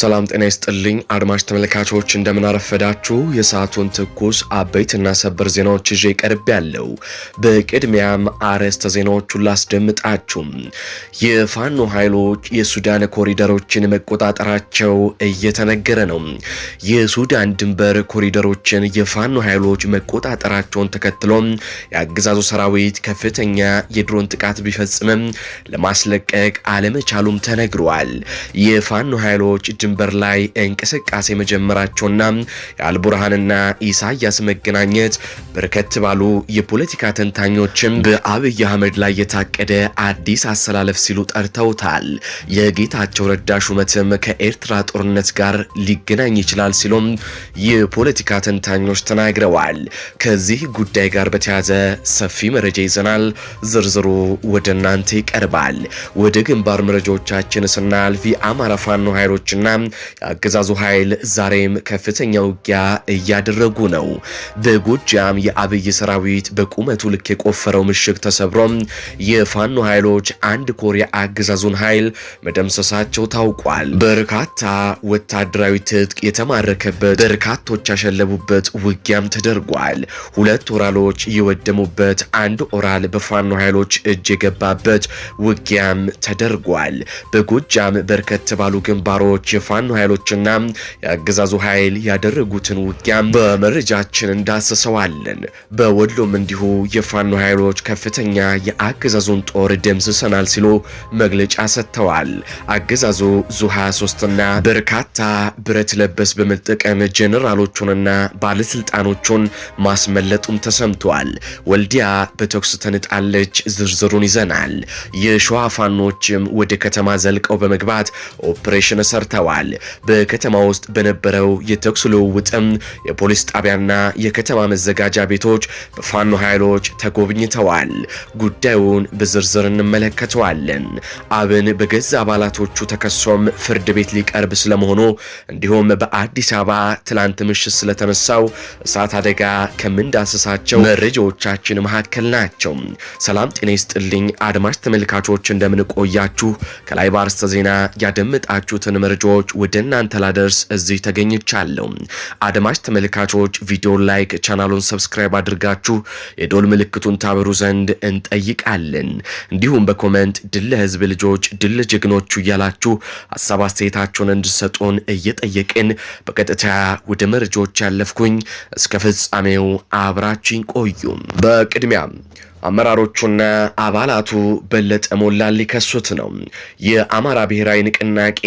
ሰላም ጤና ይስጥልኝ አድማጭ ተመልካቾች፣ እንደምናረፈዳችሁ የሰዓቱን ትኩስ አበይትና ሰበር ዜናዎች ይዤ ቀርብ ያለው። በቅድሚያም አርዕስተ ዜናዎቹን ላስደምጣችሁ። የፋኖ ኃይሎች የሱዳን ኮሪደሮችን መቆጣጠራቸው እየተነገረ ነው። የሱዳን ድንበር ኮሪደሮችን የፋኖ ኃይሎች መቆጣጠራቸውን ተከትሎ የአገዛዙ ሰራዊት ከፍተኛ የድሮን ጥቃት ቢፈጽምም ለማስለቀቅ አለመቻሉም ተነግሯል። የፋኖ ኃይሎች ድንበር ላይ እንቅስቃሴ መጀመራቸውና የአልቡርሃንና ኢሳያስ መገናኘት በርከት ባሉ የፖለቲካ ተንታኞችም በአብይ አህመድ ላይ የታቀደ አዲስ አሰላለፍ ሲሉ ጠርተውታል። የጌታቸው ረዳ ሹመትም ከኤርትራ ጦርነት ጋር ሊገናኝ ይችላል ሲሉም የፖለቲካ ተንታኞች ተናግረዋል። ከዚህ ጉዳይ ጋር በተያያዘ ሰፊ መረጃ ይዘናል። ዝርዝሩ ወደ እናንተ ይቀርባል። ወደ ግንባር መረጃዎቻችን ስናልፍ የአማራ ፋኖ ኃይሎችና የአገዛዙ ኃይል ዛሬም ከፍተኛ ውጊያ እያደረጉ ነው። በጎጃም የአብይ ሰራዊት በቁመቱ ልክ የቆፈረው ምሽግ ተሰብሮ የፋኖ ኃይሎች አንድ ኮር የአገዛዙን ኃይል መደምሰሳቸው ታውቋል። በርካታ ወታደራዊ ትጥቅ የተማረከበት፣ በርካቶች ያሸለቡበት ውጊያም ተደርጓል። ሁለት ኦራሎች የወደሙበት፣ አንድ ኦራል በፋኖ ኃይሎች እጅ የገባበት ውጊያም ተደርጓል። በጎጃም በርከት ባሉ ግንባሮች የፋኖ ኃይሎችና የአገዛዙ ኃይል ያደረጉትን ውጊያ በመረጃችን እንዳሰሰዋለን። በወሎም እንዲሁ የፋኖ ኃይሎች ከፍተኛ የአገዛዙን ጦር ደምስሰናል ሲሉ መግለጫ ሰጥተዋል። አገዛዙ ዙሃ ሶስትና በርካታ ብረት ለበስ በመጠቀም ጀኔራሎቹንና ባለስልጣኖቹን ማስመለጡም ተሰምቷል። ወልዲያ በተኩስ ተንጣለች። ዝርዝሩን ይዘናል። የሸዋ ፋኖችም ወደ ከተማ ዘልቀው በመግባት ኦፕሬሽን ሰርተዋል። ገልጸዋል። በከተማ ውስጥ በነበረው የተኩስ ልውውጥም የፖሊስ ጣቢያና የከተማ መዘጋጃ ቤቶች በፋኖ ኃይሎች ተጎብኝተዋል። ጉዳዩን በዝርዝር እንመለከተዋለን። አብን በገዛ አባላቶቹ ተከሶም ፍርድ ቤት ሊቀርብ ስለመሆኑ እንዲሁም በአዲስ አበባ ትላንት ምሽት ስለተነሳው እሳት አደጋ ከምንዳሰሳቸው መረጃዎቻችን መካከል ናቸው። ሰላም ጤና ይስጥልኝ አድማጭ ተመልካቾች እንደምንቆያችሁ ከላይ ባርስተ ዜና ያደመጣችሁትን መረጃዎች መረጃዎች ወደ እናንተ ላደርስ እዚህ ተገኝቻለሁ። አድማጭ ተመልካቾች ቪዲዮን ላይክ፣ ቻናሉን ሰብስክራይብ አድርጋችሁ የዶል ምልክቱን ታበሩ ዘንድ እንጠይቃለን። እንዲሁም በኮመንት ድል ህዝብ ልጆች፣ ድል ጀግኖቹ እያላችሁ ሀሳብ አስተያየታችሁን እንድሰጡን እየጠየቅን በቀጥታ ወደ መረጃዎች ያለፍኩኝ፣ እስከ ፍጻሜው አብራችኝ ቆዩ። በቅድሚያ አመራሮቹና አባላቱ በለጠ ሞላን ሊከሱት ነው። የአማራ ብሔራዊ ንቅናቄ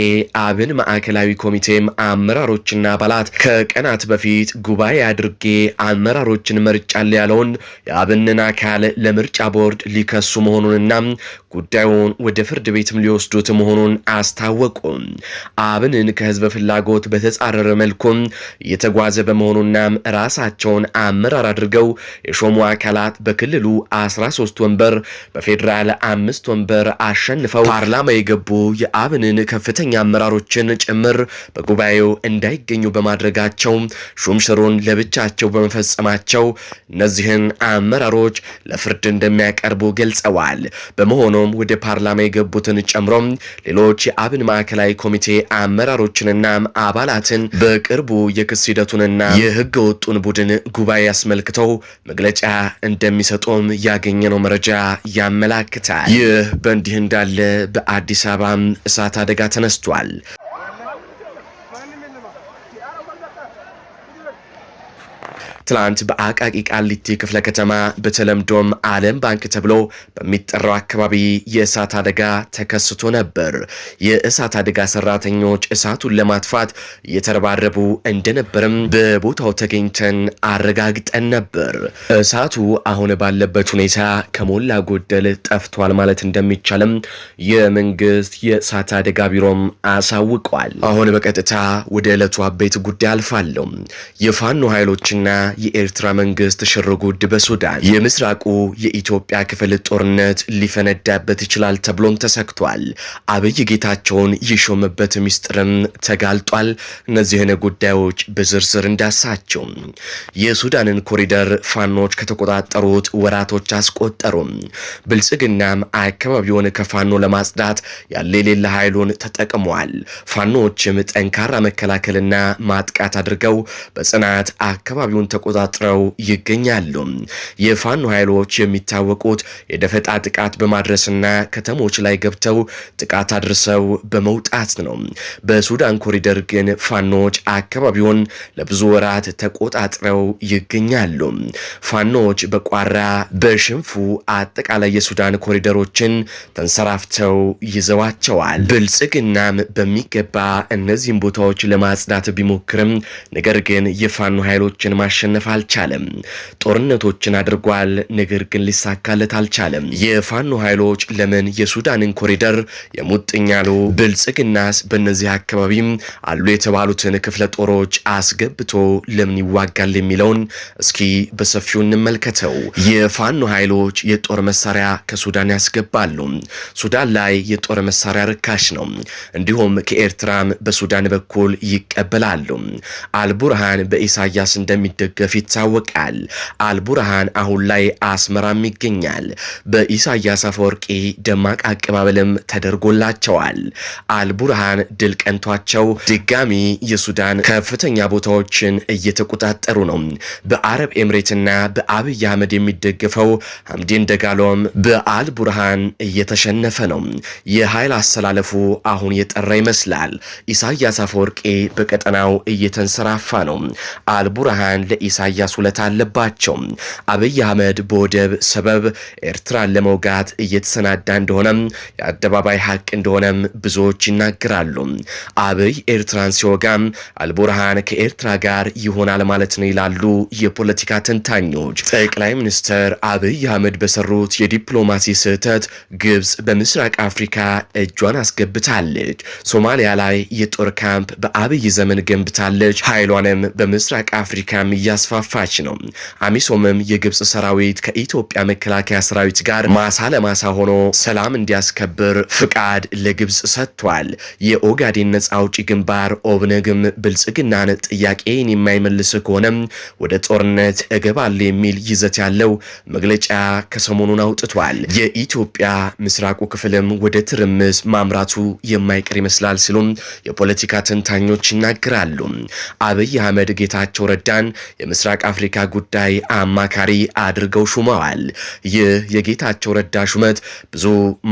አብን ማዕከላዊ ኮሚቴም አመራሮችና አባላት ከቀናት በፊት ጉባኤ አድርጌ አመራሮችን መርጫል ያለውን የአብንን አካል ለምርጫ ቦርድ ሊከሱ መሆኑንና ጉዳዩን ወደ ፍርድ ቤትም ሊወስዱት መሆኑን አስታወቁ። አብንን ከህዝብ ፍላጎት በተጻረረ መልኩም የተጓዘ በመሆኑና ራሳቸውን አመራር አድርገው የሾሙ አካላት በክልሉ 13 ወንበር በፌዴራል አምስት ወንበር አሸንፈው ፓርላማ የገቡ የአብንን ከፍተኛ አመራሮችን ጭምር በጉባኤው እንዳይገኙ በማድረጋቸው ሹምሽሩን ለብቻቸው በመፈጸማቸው እነዚህን አመራሮች ለፍርድ እንደሚያቀርቡ ገልጸዋል። በመሆኑ ሆኖም ወደ ፓርላማ የገቡትን ጨምሮ ሌሎች የአብን ማዕከላዊ ኮሚቴ አመራሮችንና አባላትን በቅርቡ የክስ ሂደቱንና የህገ ወጡን ቡድን ጉባኤ አስመልክተው መግለጫ እንደሚሰጡም ያገኘነው መረጃ ያመላክታል። ይህ በእንዲህ እንዳለ በአዲስ አበባም እሳት አደጋ ተነስቷል። ትላንት በአቃቂ ቃሊቲ ክፍለ ከተማ በተለምዶም አለም ባንክ ተብሎ በሚጠራው አካባቢ የእሳት አደጋ ተከስቶ ነበር። የእሳት አደጋ ሰራተኞች እሳቱን ለማጥፋት እየተረባረቡ እንደነበርም በቦታው ተገኝተን አረጋግጠን ነበር። እሳቱ አሁን ባለበት ሁኔታ ከሞላ ጎደል ጠፍቷል ማለት እንደሚቻልም የመንግስት የእሳት አደጋ ቢሮም አሳውቋል። አሁን በቀጥታ ወደ ዕለቱ አበይት ጉዳይ አልፋለሁ። የፋኖ ኃይሎችና የኤርትራ መንግስት ሽር ጉድ በሱዳን የምስራቁ የኢትዮጵያ ክፍል ጦርነት ሊፈነዳበት ይችላል ተብሎም ተሰግቷል። አብይ ጌታቸውን የሾመበት ሚስጥርም ተጋልጧል። እነዚህን ጉዳዮች በዝርዝር እንዳሳቸው የሱዳንን ኮሪደር ፋኖች ከተቆጣጠሩት ወራቶች አስቆጠሩም። ብልጽግናም አካባቢውን ከፋኖ ለማጽዳት ያለ የሌለ ኃይሉን ተጠቅሟል። ፋኖዎችም ጠንካራ መከላከልና ማጥቃት አድርገው በጽናት አካባቢውን ተቆ ተቆጣጥረው ይገኛሉ። የፋኖ ኃይሎች የሚታወቁት የደፈጣ ጥቃት በማድረስና ከተሞች ላይ ገብተው ጥቃት አድርሰው በመውጣት ነው። በሱዳን ኮሪደር ግን ፋኖች አካባቢውን ለብዙ ወራት ተቆጣጥረው ይገኛሉ። ፋኖች በቋራ በሽንፉ አጠቃላይ የሱዳን ኮሪደሮችን ተንሰራፍተው ይዘዋቸዋል። ብልጽግናም በሚገባ እነዚህን ቦታዎች ለማጽዳት ቢሞክርም ነገር ግን የፋኖ ኃይሎችን ማሸነፍ ማሸነፍ አልቻለም። ጦርነቶችን አድርጓል፣ ነገር ግን ሊሳካለት አልቻለም። የፋኖ ኃይሎች ለምን የሱዳንን ኮሪደር የሙጥኛሉ? ብልጽግናስ በእነዚህ አካባቢም አሉ የተባሉትን ክፍለ ጦሮች አስገብቶ ለምን ይዋጋል የሚለውን እስኪ በሰፊው እንመልከተው። የፋኖ ኃይሎች የጦር መሳሪያ ከሱዳን ያስገባሉ። ሱዳን ላይ የጦር መሳሪያ ርካሽ ነው፣ እንዲሁም ከኤርትራም በሱዳን በኩል ይቀበላሉ። አልቡርሃን በኢሳያስ እንደሚደገ እንደሚደገፍ ይታወቃል። አልቡርሃን አሁን ላይ አስመራም ይገኛል። በኢሳያስ አፈወርቂ ደማቅ አቀባበልም ተደርጎላቸዋል። አልቡርሃን ድል ቀንቷቸው ድጋሚ የሱዳን ከፍተኛ ቦታዎችን እየተቆጣጠሩ ነው። በአረብ ኤምሬትና በአብይ አህመድ የሚደገፈው ሐምዴን ደጋሎም በአልቡርሃን እየተሸነፈ ነው። የኃይል አሰላለፉ አሁን የጠራ ይመስላል። ኢሳያስ አፈወርቂ በቀጠናው እየተንሰራፋ ነው። አልቡርሃን ለኢ ኢሳያስ ውለታ አለባቸው። አብይ አህመድ በወደብ ሰበብ ኤርትራን ለመውጋት እየተሰናዳ እንደሆነም የአደባባይ ሀቅ እንደሆነም ብዙዎች ይናገራሉ። አብይ ኤርትራን ሲወጋም አልቡርሃን ከኤርትራ ጋር ይሆናል ማለት ነው ይላሉ የፖለቲካ ተንታኞች። ጠቅላይ ሚኒስትር አብይ አህመድ በሰሩት የዲፕሎማሲ ስህተት ግብጽ በምስራቅ አፍሪካ እጇን አስገብታለች። ሶማሊያ ላይ የጦር ካምፕ በአብይ ዘመን ገንብታለች። ኃይሏንም በምስራቅ አፍሪካም እያ እያስፋፋች ነው። አሚሶምም የግብፅ ሰራዊት ከኢትዮጵያ መከላከያ ሰራዊት ጋር ማሳ ለማሳ ሆኖ ሰላም እንዲያስከብር ፍቃድ ለግብፅ ሰጥቷል። የኦጋዴን ነጻ አውጪ ግንባር ኦብነግም ብልጽግናን ጥያቄን የማይመልስ ከሆነም ወደ ጦርነት እገባል የሚል ይዘት ያለው መግለጫ ከሰሞኑን አውጥቷል። የኢትዮጵያ ምስራቁ ክፍልም ወደ ትርምስ ማምራቱ የማይቀር ይመስላል ሲሉም የፖለቲካ ተንታኞች ይናገራሉ። አብይ አህመድ ጌታቸው ረዳን የምስራቅ አፍሪካ ጉዳይ አማካሪ አድርገው ሹመዋል። ይህ የጌታቸው ረዳ ሹመት ብዙ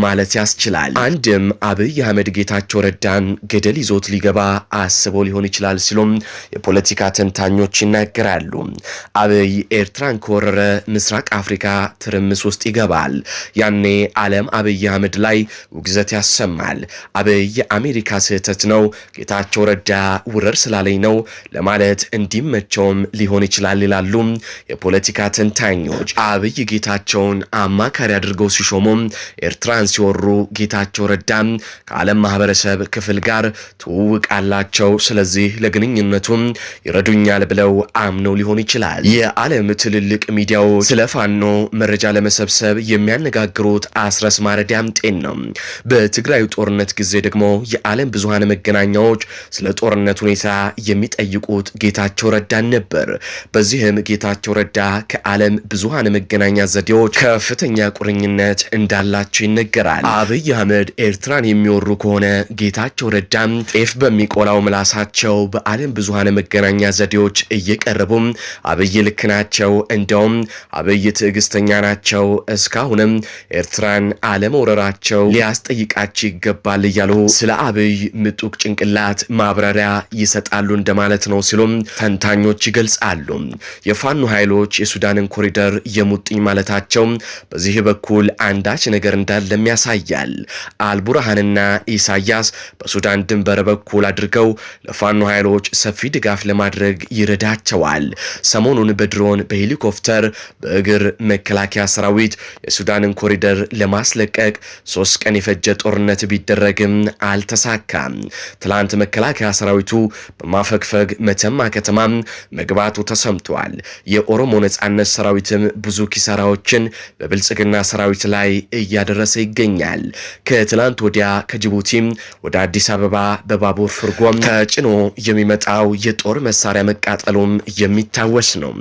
ማለት ያስችላል። አንድም አብይ አህመድ ጌታቸው ረዳን ገደል ይዞት ሊገባ አስቦ ሊሆን ይችላል ሲሉም የፖለቲካ ተንታኞች ይናገራሉ። አብይ ኤርትራን ከወረረ ምስራቅ አፍሪካ ትርምስ ውስጥ ይገባል። ያኔ ዓለም አብይ አህመድ ላይ ውግዘት ያሰማል። አብይ የአሜሪካ ስህተት ነው፣ ጌታቸው ረዳ ውረር ስላለኝ ነው ለማለት እንዲመቸውም ሊሆን ይችላል ይላሉ የፖለቲካ ተንታኞች። አብይ ጌታቸውን አማካሪ አድርገው ሲሾሙ ኤርትራን ሲወሩ ጌታቸው ረዳ ከዓለም ማህበረሰብ ክፍል ጋር ትውውቅ አላቸው። ስለዚህ ለግንኙነቱ ይረዱኛል ብለው አምነው ሊሆን ይችላል። የዓለም ትልልቅ ሚዲያዎች ስለ ፋኖ መረጃ ለመሰብሰብ የሚያነጋግሩት አስረስ ማረ ዳምጤን ነው። በትግራዩ ጦርነት ጊዜ ደግሞ የዓለም ብዙሃን መገናኛዎች ስለ ጦርነት ሁኔታ የሚጠይቁት ጌታቸው ረዳን ነበር። በዚህም ጌታቸው ረዳ ከዓለም ብዙሃን መገናኛ ዘዴዎች ከፍተኛ ቁርኝነት እንዳላቸው ይነገራል። አብይ አህመድ ኤርትራን የሚወሩ ከሆነ ጌታቸው ረዳም ጤፍ በሚቆላው ምላሳቸው በዓለም ብዙሃን መገናኛ ዘዴዎች እየቀረቡም አብይ ልክ ናቸው፣ እንደውም አብይ ትዕግስተኛ ናቸው፣ እስካሁንም ኤርትራን አለመውረራቸው ሊያስጠይቃቸው ይገባል እያሉ ስለ አብይ ምጡቅ ጭንቅላት ማብራሪያ ይሰጣሉ እንደማለት ነው ሲሉም ተንታኞች ይገልጻሉ። ይገኛሉ። የፋኖ ኃይሎች የሱዳንን ኮሪደር የሙጥኝ ማለታቸው በዚህ በኩል አንዳች ነገር እንዳለም ያሳያል። አልቡርሃንና ኢሳያስ በሱዳን ድንበር በኩል አድርገው ለፋኖ ኃይሎች ሰፊ ድጋፍ ለማድረግ ይረዳቸዋል። ሰሞኑን በድሮን በሄሊኮፕተር፣ በእግር መከላከያ ሰራዊት የሱዳንን ኮሪደር ለማስለቀቅ ሶስት ቀን የፈጀ ጦርነት ቢደረግም አልተሳካም። ትላንት መከላከያ ሰራዊቱ በማፈግፈግ መተማ ከተማ መግባቱ ተሰምተዋል። የኦሮሞ ነጻነት ሰራዊትም ብዙ ኪሳራዎችን በብልጽግና ሰራዊት ላይ እያደረሰ ይገኛል። ከትላንት ወዲያ ከጅቡቲም ወደ አዲስ አበባ በባቡር ፍርጎም ተጭኖ የሚመጣው የጦር መሳሪያ መቃጠሉም የሚታወስ ነው።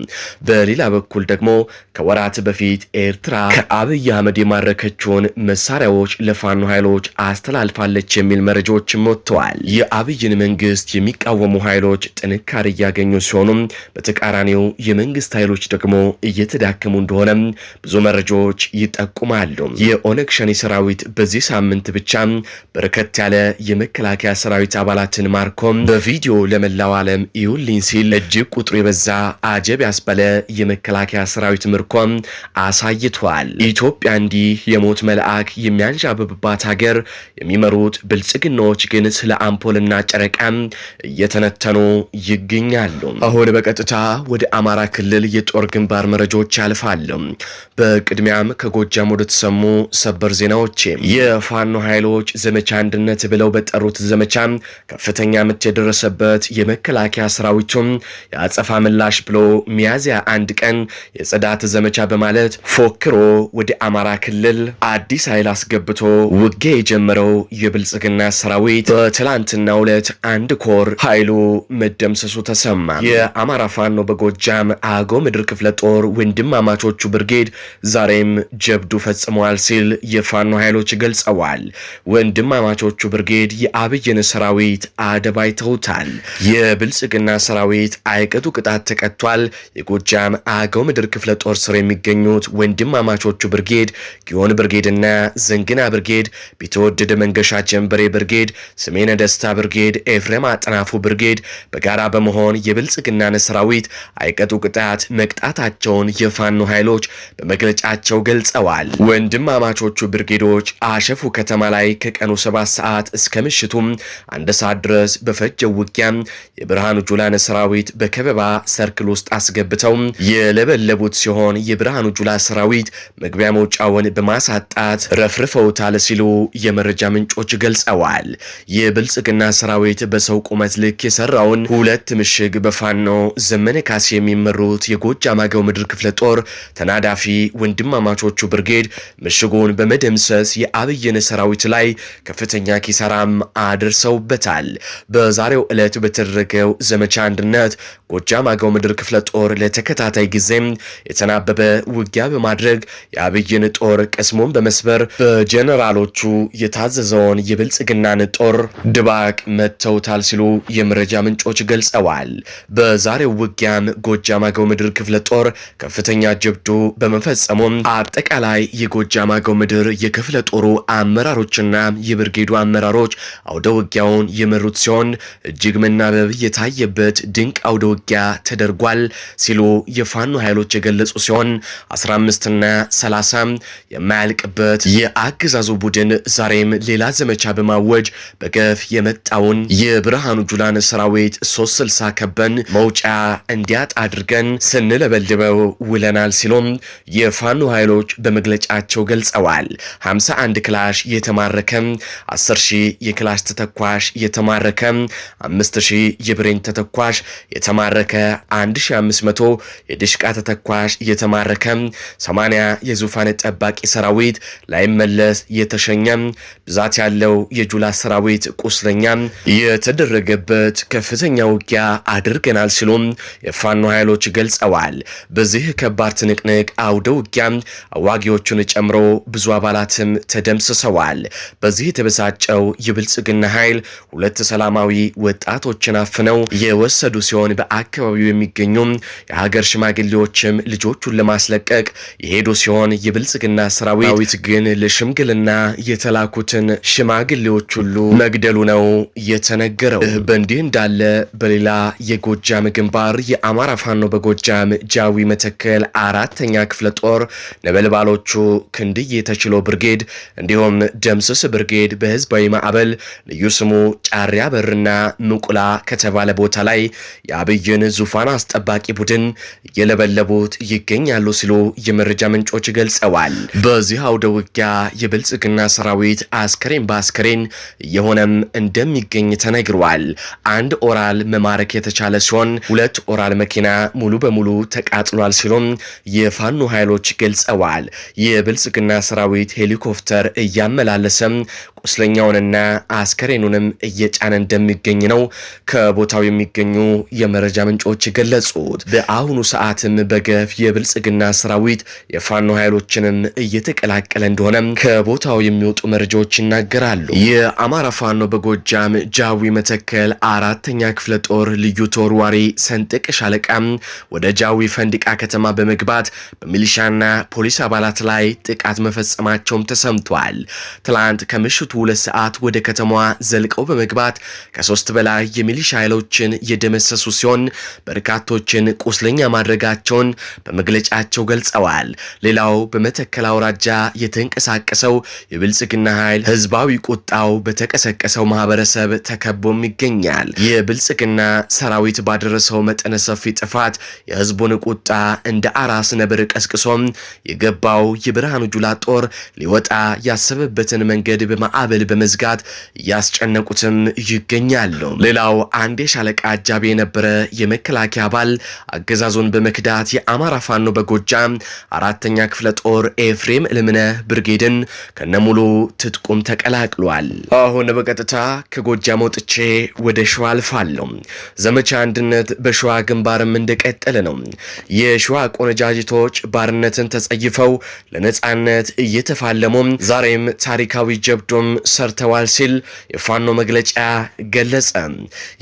በሌላ በኩል ደግሞ ከወራት በፊት ኤርትራ ከአብይ አህመድ የማረከችውን መሳሪያዎች ለፋኖ ኃይሎች አስተላልፋለች የሚል መረጃዎችም ወጥተዋል። የአብይን መንግስት የሚቃወሙ ኃይሎች ጥንካሬ እያገኙ ሲሆኑም በተቃራኒው የመንግስት ኃይሎች ደግሞ እየተዳከሙ እንደሆነ ብዙ መረጃዎች ይጠቁማሉ። የኦነግ ሸኔ ሰራዊት በዚህ ሳምንት ብቻ በርከት ያለ የመከላከያ ሰራዊት አባላትን ማርኮ በቪዲዮ ለመላው ዓለም ይሁልኝ ሲል እጅግ ቁጥሩ የበዛ አጀብ ያስባለ የመከላከያ ሰራዊት ምርኮ አሳይቷል። ኢትዮጵያ እንዲህ የሞት መልአክ የሚያንዣብብባት ሀገር የሚመሩት ብልጽግናዎች ግን ስለ አምፖልና ጨረቃ እየተነተኑ ይገኛሉ። አሁን በቀጥታ ወደ አማራ ክልል የጦር ግንባር መረጃዎች ያልፋል። በቅድሚያም ከጎጃም ወደ ተሰሙ ሰበር ዜናዎች የፋኖ ኃይሎች ዘመቻ አንድነት ብለው በጠሩት ዘመቻ ከፍተኛ ምት የደረሰበት የመከላከያ ሰራዊቱም የአጸፋ ምላሽ ብሎ ሚያዝያ አንድ ቀን የጽዳት ዘመቻ በማለት ፎክሮ ወደ አማራ ክልል አዲስ ኃይል አስገብቶ ውጊያ የጀመረው የብልጽግና ሰራዊት በትላንትና ሁለት አንድ ኮር ኃይሉ መደምሰሱ ተሰማ። የአማራ ፋኖ ፋኖ በጎጃም አገው ምድር ክፍለ ጦር ወንድማማቾቹ ብርጌድ ዛሬም ጀብዱ ፈጽመዋል ሲል የፋኖ ኃይሎች ገልጸዋል። ወንድማማቾቹ ብርጌድ የአብይን ሰራዊት አደባይተውታል። የብልጽግና ሰራዊት አይቀጡ ቅጣት ተቀጥቷል። የጎጃም አገው ምድር ክፍለ ጦር ስር የሚገኙት ወንድማማቾቹ ብርጌድ ጊዮን ብርጌድና ዘንግና ብርጌድ፣ ቤተወደደ መንገሻ ጀንበሬ ብርጌድ፣ ስሜነ ደስታ ብርጌድ፣ ኤፍሬም አጠናፉ ብርጌድ በጋራ በመሆን የብልጽግናን ሰራዊት በፊት አይቀጡ ቅጣት መቅጣታቸውን የፋኖ ኃይሎች በመግለጫቸው ገልጸዋል። ወንድማማቾቹ ብርጌዶች አሸፉ ከተማ ላይ ከቀኑ ሰባት ሰዓት እስከ ምሽቱም አንድ ሰዓት ድረስ በፈጀው ውጊያ የብርሃኑ ጁላን ሰራዊት በከበባ ሰርክል ውስጥ አስገብተው የለበለቡት ሲሆን የብርሃኑ ጁላ ሰራዊት መግቢያ መውጫውን በማሳጣት ረፍርፈውታል ሲሉ የመረጃ ምንጮች ገልጸዋል። የብልጽግና ሰራዊት በሰው ቁመት ልክ የሰራውን ሁለት ምሽግ በፋኖ ዘመን በዘመነ ካሴ የሚመሩት የጎጃም አገው ምድር ክፍለ ጦር ተናዳፊ ወንድማማቾቹ ብርጌድ ምሽጉን በመደምሰስ የአብይን ሰራዊት ላይ ከፍተኛ ኪሳራም አድርሰውበታል። በዛሬው ዕለት በተደረገው ዘመቻ አንድነት ጎጃም አገው ምድር ክፍለ ጦር ለተከታታይ ጊዜም የተናበበ ውጊያ በማድረግ የአብይን ጦር ቀስሞን በመስበር በጀነራሎቹ የታዘዘውን የብልጽግናን ጦር ድባቅ መትተውታል ሲሉ የመረጃ ምንጮች ገልጸዋል። በዛሬው ውጊያ ውጊያም ጎጃም አገው ምድር ክፍለ ጦር ከፍተኛ ጀብዱ በመፈጸሙም አጠቃላይ የጎጃም አገው ምድር የክፍለ ጦሩ አመራሮችና የብርጌዱ አመራሮች አውደ ውጊያውን የመሩት ሲሆን እጅግ መናበብ የታየበት ድንቅ አውደ ውጊያ ተደርጓል ሲሉ የፋኖ ኃይሎች የገለጹ ሲሆን 15ና 30 የማያልቅበት የአገዛዙ ቡድን ዛሬም ሌላ ዘመቻ በማወጅ በገፍ የመጣውን የብርሃኑ ጁላን ሰራዊት 360 ከበን መውጫ እንዲያጣ አድርገን ስንለበልበው ውለናል ሲሉም የፋኖ ኃይሎች በመግለጫቸው ገልጸዋል። 51 ክላሽ የተማረከም 10 ሺህ የክላሽ ተተኳሽ የተማረከም 5 ሺህ የብሬን ተተኳሽ የተማረከ 1500 የድሽቃ ተተኳሽ የተማረከም 80 የዙፋን ጠባቂ ሰራዊት ላይመለስ የተሸኘም ብዛት ያለው የጁላ ሰራዊት ቁስለኛም የተደረገበት ከፍተኛ ውጊያ አድርገናል ሲሉም የፋኖ ኃይሎች ገልጸዋል። በዚህ ከባድ ትንቅንቅ አውደ ውጊያም አዋጊዎቹን ጨምሮ ብዙ አባላትም ተደምስሰዋል። በዚህ የተበሳጨው የብልጽግና ኃይል ሁለት ሰላማዊ ወጣቶችን አፍነው የወሰዱ ሲሆን በአካባቢው የሚገኙም የሀገር ሽማግሌዎችም ልጆቹን ለማስለቀቅ የሄዱ ሲሆን የብልጽግና ሰራዊት ግን ለሽምግልና የተላኩትን ሽማግሌዎች ሁሉ መግደሉ ነው የተነገረው። በእንዲህ እንዳለ በሌላ የጎጃም ግንባር የአማራ ፋኖ በጎጃም ጃዊ መተከል አራተኛ ክፍለ ጦር ነበልባሎቹ ክንድዬ ተችሎ ብርጌድ እንዲሁም ደምስስ ብርጌድ በህዝባዊ ማዕበል ልዩ ስሙ ጫሪያ በርና ምቁላ ከተባለ ቦታ ላይ የአብይን ዙፋን አስጠባቂ ቡድን እየለበለቡት ይገኛሉ ሲሉ የመረጃ ምንጮች ገልጸዋል። በዚህ አውደ ውጊያ የብልጽግና ሰራዊት አስከሬን በአስከሬን እየሆነም እንደሚገኝ ተነግሯል። አንድ ኦራል መማረክ የተቻለ ሲሆን ሁለት የሞራል መኪና ሙሉ በሙሉ ተቃጥሏል ሲሉም የፋኖ ኃይሎች ገልጸዋል። የብልጽግና ሰራዊት ሄሊኮፕተር እያመላለሰም ቁስለኛውንና አስከሬኑንም እየጫነ እንደሚገኝ ነው ከቦታው የሚገኙ የመረጃ ምንጮች ገለጹት። በአሁኑ ሰዓትም በገፍ የብልጽግና ሰራዊት የፋኖ ኃይሎችንም እየተቀላቀለ እንደሆነ ከቦታው የሚወጡ መረጃዎች ይናገራሉ። የአማራ ፋኖ በጎጃም ጃዊ መተከል አራተኛ ክፍለ ጦር ልዩ ተወርዋሪ ሰንጥቅ ታጠቀ ሻለቃ ወደ ጃዊ ፈንዲቃ ከተማ በመግባት በሚሊሻና ፖሊስ አባላት ላይ ጥቃት መፈጸማቸውም ተሰምቷል። ትላንት ከምሽቱ ሁለት ሰዓት ወደ ከተማዋ ዘልቀው በመግባት ከሶስት በላይ የሚሊሻ ኃይሎችን የደመሰሱ ሲሆን በርካቶችን ቁስለኛ ማድረጋቸውን በመግለጫቸው ገልጸዋል። ሌላው በመተከል አውራጃ የተንቀሳቀሰው የብልጽግና ኃይል ህዝባዊ ቁጣው በተቀሰቀሰው ማህበረሰብ ተከቦም ይገኛል። የብልጽግና ሰራዊት ባደረሰው መጠነ ሰፊ ጥፋት የህዝቡን ቁጣ እንደ አራስ ነብር ቀስቅሶም የገባው የብርሃኑ ጁላ ጦር ሊወጣ ያሰበበትን መንገድ በማዕበል በመዝጋት እያስጨነቁትም ይገኛሉ። ሌላው አንድ የሻለቃ አጃቢ የነበረ የመከላከያ አባል አገዛዙን በመክዳት የአማራ ፋኖ በጎጃም አራተኛ ክፍለ ጦር ኤፍሬም ልምነ ብርጌድን ከነሙሉ ትጥቁም ተቀላቅሏል። አሁን በቀጥታ ከጎጃም ወጥቼ ወደ ሸዋ አልፋለሁ። ዘመቻ አንድነት በሸዋ ግንባርም እንደቀጠለ ነው። የሸዋ ቆነጃጅቶች ባርነትን ተጸይፈው ለነጻነት እየተፋለሙ ዛሬም ታሪካዊ ጀብዶም ሰርተዋል ሲል የፋኖ መግለጫ ገለጸ።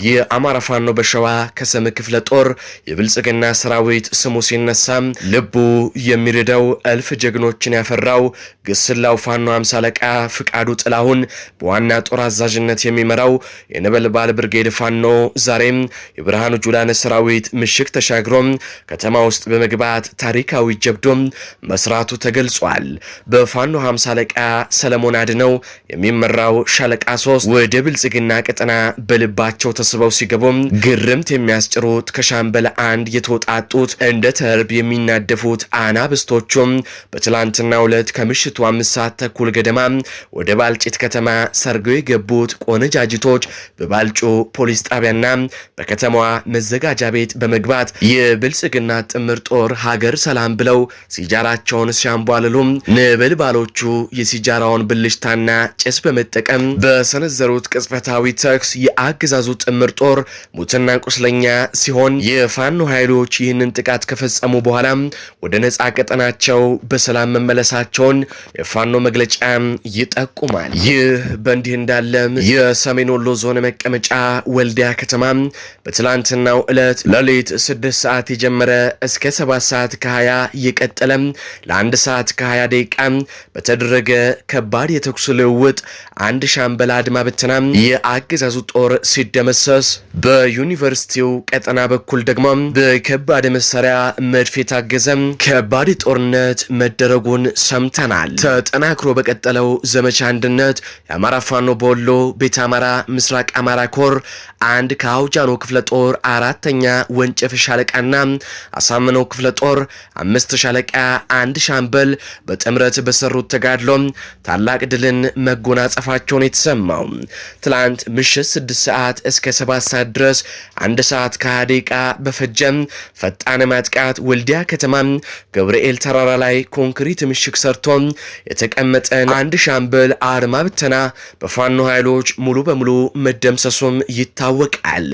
የአማራ ፋኖ በሸዋ ከሰም ክፍለ ጦር የብልጽግና ሰራዊት ስሙ ሲነሳ ልቡ የሚርደው እልፍ ጀግኖችን ያፈራው ግስላው ፋኖ አምሳ አለቃ ፍቃዱ ጥላሁን በዋና ጦር አዛዥነት የሚመራው የነበልባል ብርጌድ ፋኖ ዛሬም የብርሃኑ ጁላነ ሰራዊት ሰራዊት ምሽግ ተሻግሮም ከተማ ውስጥ በመግባት ታሪካዊ ጀብዶም መስራቱ ተገልጿል። በፋኖ 50 አለቃ ሰለሞን አድነው የሚመራው ሻለቃ 3 ወደ ብልጽግና ቀጠና በልባቸው ተስበው ሲገቡም ግርምት የሚያስጭሩት ከሻምበል አንድ የተወጣጡት እንደ ተርብ የሚናደፉት አናብስቶቹም በትላንትና ሁለት ከምሽቱ አምስት ሰዓት ተኩል ገደማ ወደ ባልጭት ከተማ ሰርገው የገቡት ቆነጃጅቶች በባልጩ ፖሊስ ጣቢያና በከተማዋ መዘጋጃ ቤት ቤት በመግባት የብልጽግና ጥምር ጦር ሀገር ሰላም ብለው ሲጃራቸውን ሲያንቧልሉም ነበልባሎቹ የሲጃራውን ብልሽታና ጭስ በመጠቀም በሰነዘሩት ቅጽበታዊ ተኩስ የአገዛዙ ጥምር ጦር ሙትና ቁስለኛ ሲሆን የፋኖ ኃይሎች ይህንን ጥቃት ከፈጸሙ በኋላም ወደ ነጻ ቀጠናቸው በሰላም መመለሳቸውን የፋኖ መግለጫ ይጠቁማል። ይህ በእንዲህ እንዳለም የሰሜን ወሎ ዞን መቀመጫ ወልዲያ ከተማ በትላንትናው ዕለት ሌሊት ስድስት ሰዓት የጀመረ እስከ ሰባት ሰዓት ከሀያ እየቀጠለም ለአንድ ሰዓት ከሀያ ደቂቃ በተደረገ ከባድ የተኩስ ልውውጥ አንድ ሻምበላ አድማ ብትና የአገዛዙ ጦር ሲደመሰስ በዩኒቨርሲቲው ቀጠና በኩል ደግሞ በከባድ መሳሪያ መድፍ የታገዘ ከባድ ጦርነት መደረጉን ሰምተናል። ተጠናክሮ በቀጠለው ዘመቻ አንድነት የአማራ ፋኖ በወሎ ቤተ አማራ ምስራቅ አማራ ኮር አንድ ከአውጃኖ ክፍለ ጦር አራተኛ ወንጨፍ ሻለቃና አሳምነው ክፍለ ጦር አምስት ሻለቃ አንድ ሻምበል በጥምረት በሰሩት ተጋድሎ ታላቅ ድልን መጎናጸፋቸውን የተሰማው ትላንት ምሽት 6 ሰዓት እስከ 7 ሰዓት ድረስ አንድ ሰዓት ከሃያ በፈጀም ፈጣን ማጥቃት ወልዲያ ከተማ ገብርኤል ተራራ ላይ ኮንክሪት ምሽግ ሰርቶ የተቀመጠን አንድ ሻምበል አርማ ብተና በፋኖ ኃይሎች ሙሉ በሙሉ መደምሰሱም ይታወቃል።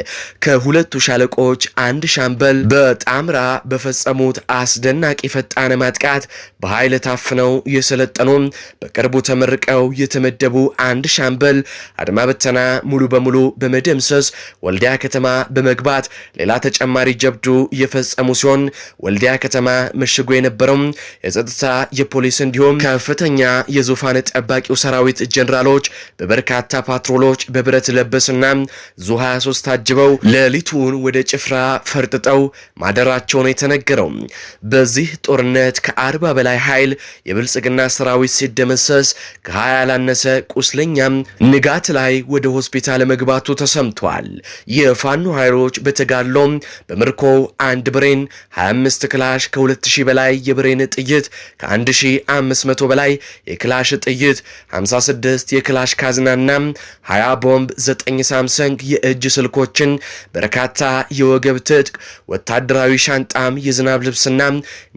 ከሁለቱ ሻለቆች አንድ ሻምበል በጣምራ በፈጸሙት አስደናቂ ፈጣነ ማጥቃት በኃይል ታፍነው የሰለጠኑ በቅርቡ ተመርቀው የተመደቡ አንድ ሻምበል አድማ በተና ሙሉ በሙሉ በመደምሰስ ወልዲያ ከተማ በመግባት ሌላ ተጨማሪ ጀብዱ የፈጸሙ ሲሆን ወልዲያ ከተማ መሽጎ የነበረው የጸጥታ የፖሊስ እንዲሁም ከፍተኛ የዙፋን ጠባቂው ሰራዊት ጀኔራሎች በበርካታ ፓትሮሎች በብረት ለበስና ዙ 23 ታጅበው ሌሊቱን ወደ ጭፍራ ፈርጥጠው ማደራቸውን የተነገረው። በዚህ ጦርነት ከአርባ በላይ ኃይል የብልጽግና ሰራዊት ሲደመሰስ ከሀያ ያላነሰ ቁስለኛም ንጋት ላይ ወደ ሆስፒታል መግባቱ ተሰምቷል። የፋኖ ኃይሎች በተጋድሎም በምርኮ አንድ ብሬን 25 ክላሽ ከ2000 በላይ የብሬን ጥይት ከ1500 በላይ የክላሽ ጥይት 56 የክላሽ ካዝናና 20 ቦምብ 9 ሳምሰንግ የእጅ ስልኮችን በርካታ የወገ የወገብ ትጥቅ፣ ወታደራዊ ሻንጣም፣ የዝናብ ልብስና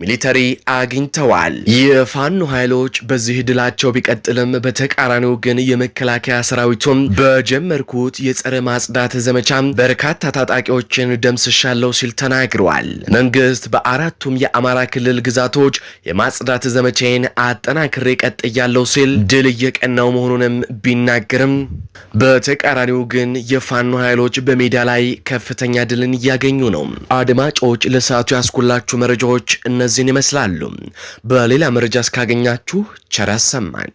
ሚሊተሪ አግኝተዋል። የፋኖ ኃይሎች በዚህ ድላቸው ቢቀጥልም በተቃራኒው ግን የመከላከያ ሰራዊቱም በጀመርኩት የጸረ ማጽዳት ዘመቻ በርካታ ታጣቂዎችን ደምስሻለው ሲል ተናግረዋል። መንግስት በአራቱም የአማራ ክልል ግዛቶች የማጽዳት ዘመቻዬን አጠናክሬ ቀጥያለው ሲል ድል እየቀናው መሆኑንም ቢናገርም በተቃራኒው ግን የፋኖ ኃይሎች በሜዳ ላይ ከፍተኛ ድልን እያገ እየተገኙ ነው። አድማጮች ለሰዓቱ ያስኩላችሁ መረጃዎች እነዚህን ይመስላሉ። በሌላ መረጃ እስካገኛችሁ ቸር ያሰማን።